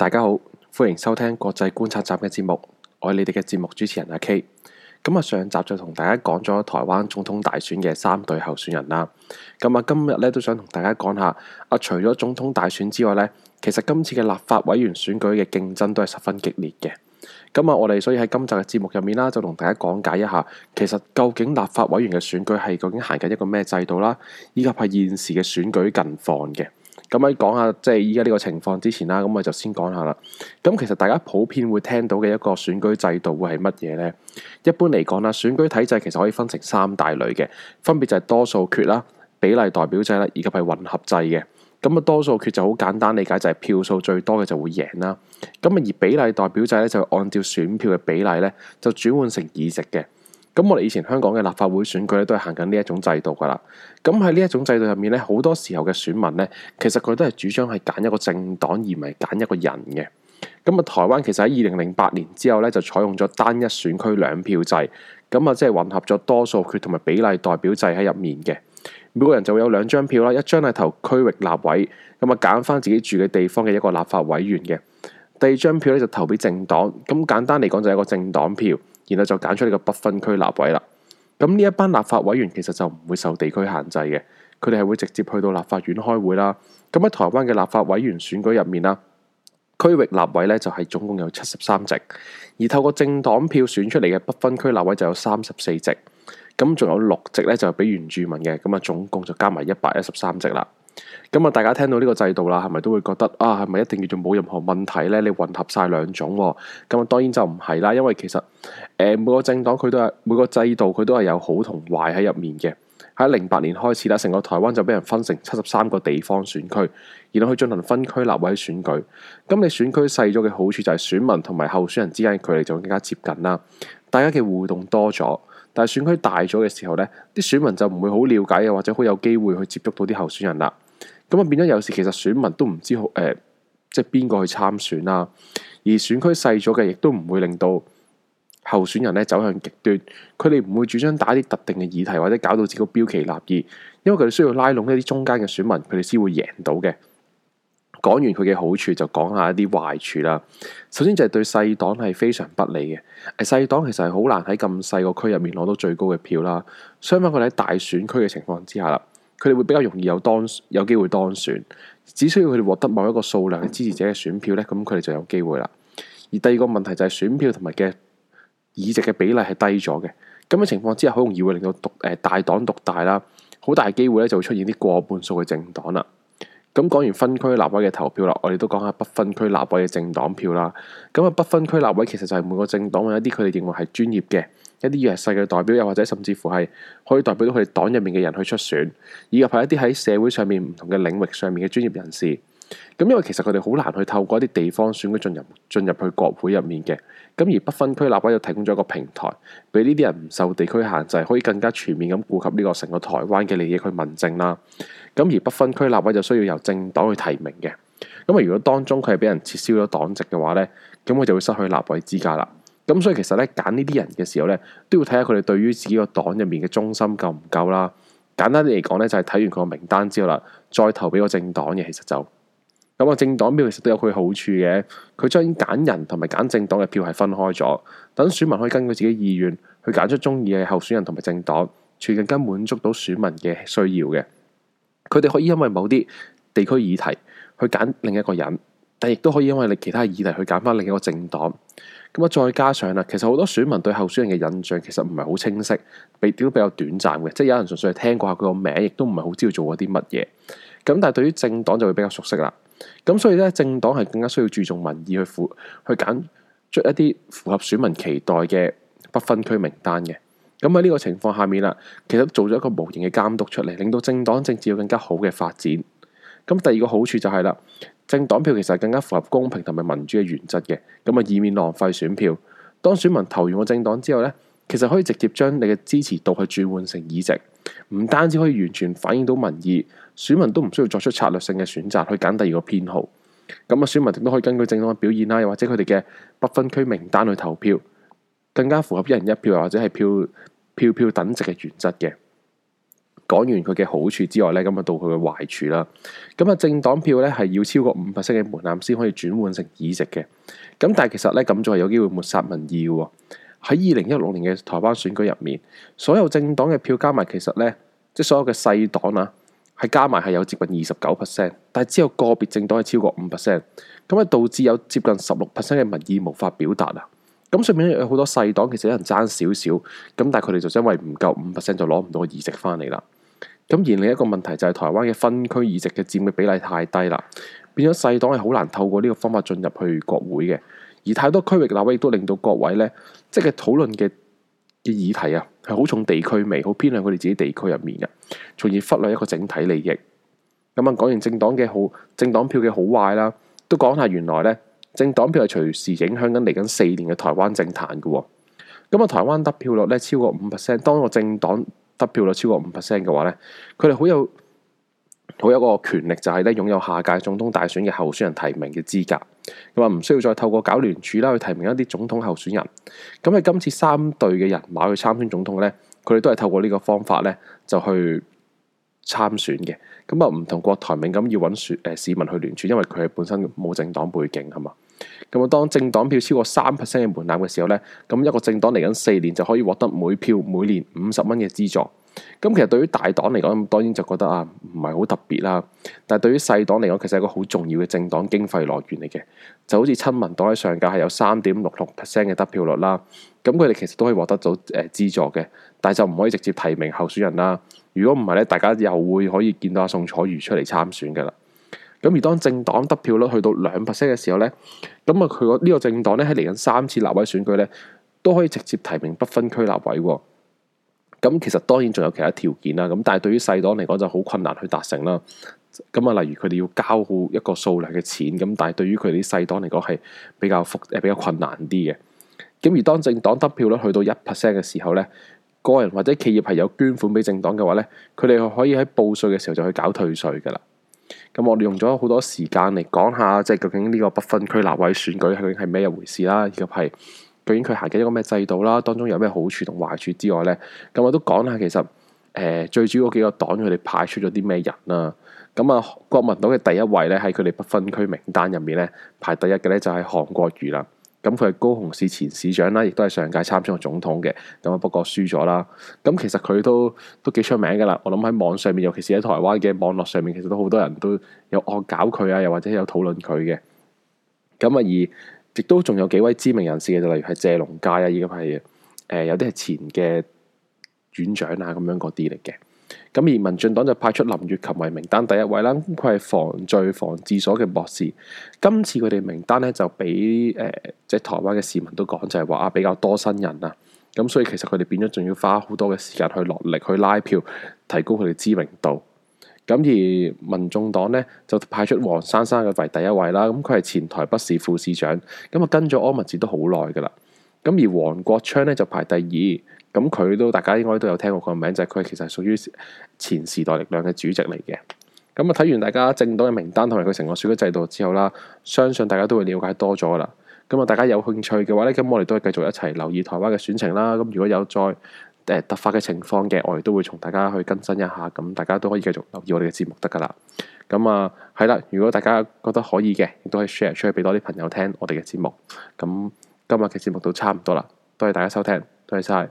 大家好，歡迎收聽國際觀察站嘅節目，我係你哋嘅節目主持人阿 K。咁啊，上集就同大家講咗台灣總統大選嘅三對候選人啦。咁啊，今日咧都想同大家講下，阿除咗總統大選之外咧，其實今次嘅立法委員選舉嘅競爭都係十分激烈嘅。咁啊，我哋所以喺今集嘅節目入面啦，就同大家講解一下，其實究竟立法委員嘅選舉係究竟行緊一個咩制度啦，以及係現時嘅選舉近況嘅。咁喺講下即係依家呢個情況之前啦，咁我就先講下啦。咁其實大家普遍會聽到嘅一個選舉制度會係乜嘢呢？一般嚟講啦，選舉體制其實可以分成三大類嘅，分別就係多數決啦、比例代表制啦，以及係混合制嘅。咁啊，多數決就好簡單理解，就係票數最多嘅就會贏啦。咁而比例代表制咧，就按照選票嘅比例咧，就轉換成議席嘅。咁我哋以前香港嘅立法會選舉咧，都係行緊呢一種制度噶啦。咁喺呢一種制度入面咧，好多時候嘅選民咧，其實佢都係主張係揀一個政黨而唔係揀一個人嘅。咁啊，台灣其實喺二零零八年之後咧，就採用咗單一選區兩票制。咁啊，即係混合咗多數決同埋比例代表制喺入面嘅。每個人就會有兩張票啦，一張係投區域立委，咁啊，揀返自己住嘅地方嘅一個立法委員嘅。第二張票咧就投俾政黨，咁簡單嚟講就係一個政黨票。然後就揀出呢個不分區立委啦。咁呢一班立法委員其實就唔會受地區限制嘅，佢哋係會直接去到立法院開會啦。咁喺台灣嘅立法委員選舉入面啦，區域立委咧就係總共有七十三席，而透過政黨票選出嚟嘅不分區立委就有三十四席，咁仲有六席咧就係俾原住民嘅，咁啊總共就加埋一百一十三席啦。咁啊，大家聽到呢個制度啦，係咪都會覺得啊，係咪一定要做冇任何問題呢？你混合晒兩種咁、哦、啊，當然就唔係啦。因為其實誒、呃，每個政黨佢都係每個制度佢都係有好同壞喺入面嘅。喺零八年開始啦，成個台灣就俾人分成七十三個地方選區，然後去進行分區立委選舉。咁你選區細咗嘅好處就係選民同埋候選人之間嘅距離就更加接近啦，大家嘅互動多咗。但係選區大咗嘅時候呢，啲選民就唔會好了解啊，或者好有機會去接觸到啲候選人啦。咁啊，變咗有時其實選民都唔知好誒、呃，即係邊個去參選啦、啊。而選區細咗嘅，亦都唔會令到候選人咧走向極端。佢哋唔會主張打啲特定嘅議題，或者搞到自己標奇立異，因為佢哋需要拉攏一啲中間嘅選民，佢哋先會贏到嘅。講完佢嘅好處，就講一下一啲壞處啦。首先就係對細黨係非常不利嘅。細黨其實係好難喺咁細個區入面攞到最高嘅票啦。相反，佢哋喺大選區嘅情況之下啦。佢哋會比較容易有當有機會當選，只需要佢哋獲得某一個數量嘅支持者嘅選票咧，咁佢哋就有機會啦。而第二個問題就係選票同埋嘅議席嘅比例係低咗嘅，咁嘅情況之下好容易會令到獨誒、呃、大黨獨大啦，好大機會咧就會出現啲過半數嘅政黨啦。咁講完分區立委嘅投票啦，我哋都講下不分區立委嘅政黨票啦。咁啊，不分區立委其實就係每個政黨揾一啲佢哋認為係專業嘅。一啲弱勢嘅代表，又或者甚至乎係可以代表到佢哋黨入面嘅人去出選，以及係一啲喺社會上面唔同嘅領域上面嘅專業人士。咁因為其實佢哋好難去透過一啲地方選舉進入進入去國會入面嘅。咁而不分區立委就提供咗一個平台，俾呢啲人唔受地區限制，可以更加全面咁顧及呢個成個台灣嘅利益去問政啦。咁而不分區立委就需要由政黨去提名嘅。咁啊，如果當中佢係俾人撤銷咗黨籍嘅話咧，咁佢就會失去立委資格啦。咁所以其實咧，揀呢啲人嘅時候咧，都要睇下佢哋對於自己個黨入面嘅忠心夠唔夠啦。簡單啲嚟講咧，就係睇完佢個名單之後啦，再投俾個政黨嘅。其實就咁個政黨票其實都有佢好處嘅，佢將揀人同埋揀政黨嘅票係分開咗，等選民可以根據自己意願去揀出中意嘅候選人同埋政黨，全更加滿足到選民嘅需要嘅。佢哋可以因為某啲地區議題去揀另一個人，但亦都可以因為你其他議題去揀翻另一個政黨。咁啊，再加上啦，其實好多選民對候選人嘅印象其實唔係好清晰，比點都比較短暫嘅，即係有人純粹係聽過下佢個名，亦都唔係好知道做過啲乜嘢。咁但係對於政黨就會比較熟悉啦。咁所以咧，政黨係更加需要注重民意去輔去揀出一啲符合選民期待嘅不分區名單嘅。咁喺呢個情況下面啦，其實做咗一個無形嘅監督出嚟，令到政黨政治有更加好嘅發展。咁第二個好處就係、是、啦。政黨票其實更加符合公平同埋民主嘅原則嘅，咁啊，以免浪費選票。當選民投完個政黨之後呢，其實可以直接將你嘅支持度去轉換成議席，唔單止可以完全反映到民意，選民都唔需要作出策略性嘅選擇去揀第二個偏好。咁啊，選民亦都可以根據政黨嘅表現啦，又或者佢哋嘅不分區名單去投票，更加符合一人一票又或者係票票票等值嘅原則嘅。講完佢嘅好處之外咧，咁啊到佢嘅壞處啦。咁啊，政黨票咧係要超過五 percent 嘅門檻先可以轉換成議席嘅。咁但係其實咧咁就係有機會抹殺民意嘅喎。喺二零一六年嘅台灣選舉入面，所有政黨嘅票加埋，其實咧即係所有嘅細黨啊，係加埋係有接近二十九 percent，但係只有個別政黨係超過五 percent，咁啊導致有接近十六 percent 嘅民意無法表達啊。咁上面有好多細黨，其實有人爭少少，咁但係佢哋就因為唔夠五 percent 就攞唔到議席返嚟啦。咁而另一個問題就係台灣嘅分區議席嘅佔嘅比例太低啦，變咗細黨係好難透過呢個方法進入去國會嘅，而太多區域立委亦都令到各位呢，即係討論嘅嘅議題啊，係好重地區味，好偏向佢哋自己地區入面嘅，從而忽略一個整體利益。咁、嗯、啊，講完政黨嘅好政黨票嘅好壞啦，都講下原來呢，政黨票係隨時影響緊嚟緊四年嘅台灣政壇嘅。咁、嗯、啊，台灣得票率呢，超過五 percent，當個政黨。得票率超過五 percent 嘅話咧，佢哋好有好有個權力，就係咧擁有下屆總統大選嘅候選人提名嘅資格。咁啊，唔需要再透過搞聯署啦，去提名一啲總統候選人。咁喺今次三隊嘅人馬去參選總統咧，佢哋都係透過呢個方法咧就去參選嘅。咁啊，唔同郭台銘咁要揾市民去聯署，因為佢係本身冇政黨背景，係嘛？咁啊，當政黨票超過三 percent 嘅門檻嘅時候呢，咁一個政黨嚟緊四年就可以獲得每票每年五十蚊嘅資助。咁其實對於大黨嚟講，當然就覺得啊，唔係好特別啦。但係對於細黨嚟講，其實係一個好重要嘅政黨經費來源嚟嘅。就好似親民黨喺上屆係有三點六六 percent 嘅得票率啦，咁佢哋其實都可以獲得到誒資助嘅，但係就唔可以直接提名候選人啦。如果唔係咧，大家又會可以見到阿宋楚瑜出嚟參選嘅啦。咁而當政黨得票率去到兩 percent 嘅時候呢，咁啊佢個呢個政黨呢，喺嚟緊三次立委選舉呢，都可以直接提名不分區立委喎。咁其實當然仲有其他條件啦，咁但係對於細黨嚟講就好困難去達成啦。咁啊，例如佢哋要交好一個數量嘅錢，咁但係對於佢哋啲細黨嚟講係比較複比較困難啲嘅。咁而當政黨得票率去到一 percent 嘅時候呢，個人或者企業係有捐款俾政黨嘅話呢，佢哋可以喺報稅嘅時候就去搞退稅㗎喇。咁我用咗好多時間嚟講下，即係究竟呢個不分區立委選舉究竟係咩一回事啦，以及係究竟佢行緊一個咩制度啦，當中有咩好處同壞處之外咧，咁我都講下其實誒、呃、最主要幾個黨佢哋派出咗啲咩人啦、啊。咁啊，國民黨嘅第一位咧，喺佢哋不分區名單入面咧，排第一嘅咧就係韓國瑜啦。咁佢係高雄市前市長啦，亦都係上屆參選嘅總統嘅，咁啊不過輸咗啦。咁其實佢都都幾出名噶啦，我諗喺網上面，尤其是喺台灣嘅網絡上面，其實都好多人都有惡搞佢啊，又或者有討論佢嘅。咁啊而亦都仲有幾位知名人士嘅，就例如係謝龍介啊，依家係誒有啲係前嘅院長啊咁樣嗰啲嚟嘅。咁而民進黨就派出林月琴為名單第一位啦，佢係防罪防治所嘅博士。今次佢哋名單咧就俾誒、呃，即係台灣嘅市民都講就係話啊比較多新人啊，咁所以其實佢哋變咗仲要花好多嘅時間去落力去拉票，提高佢哋知名度。咁而民眾黨咧就派出黃珊珊嘅為第一位啦，咁佢係前台北市副市長，咁啊跟咗柯文哲都好耐㗎喇。咁而黃國昌咧就排第二，咁佢都大家應該都有聽過個名，就係、是、佢其實屬於前時代力量嘅主席嚟嘅。咁啊睇完大家政黨嘅名單同埋佢成個選舉制度之後啦，相信大家都會了解多咗啦。咁啊，大家有興趣嘅話咧，咁我哋都係繼續一齊留意台灣嘅選情啦。咁如果有再誒突發嘅情況嘅，我哋都會同大家去更新一下，咁大家都可以繼續留意我哋嘅節目得噶啦。咁啊，係啦，如果大家覺得可以嘅，亦都可以 share 出去俾多啲朋友聽我哋嘅節目。咁今日嘅節目就差唔多啦，多謝大家收聽，多謝晒。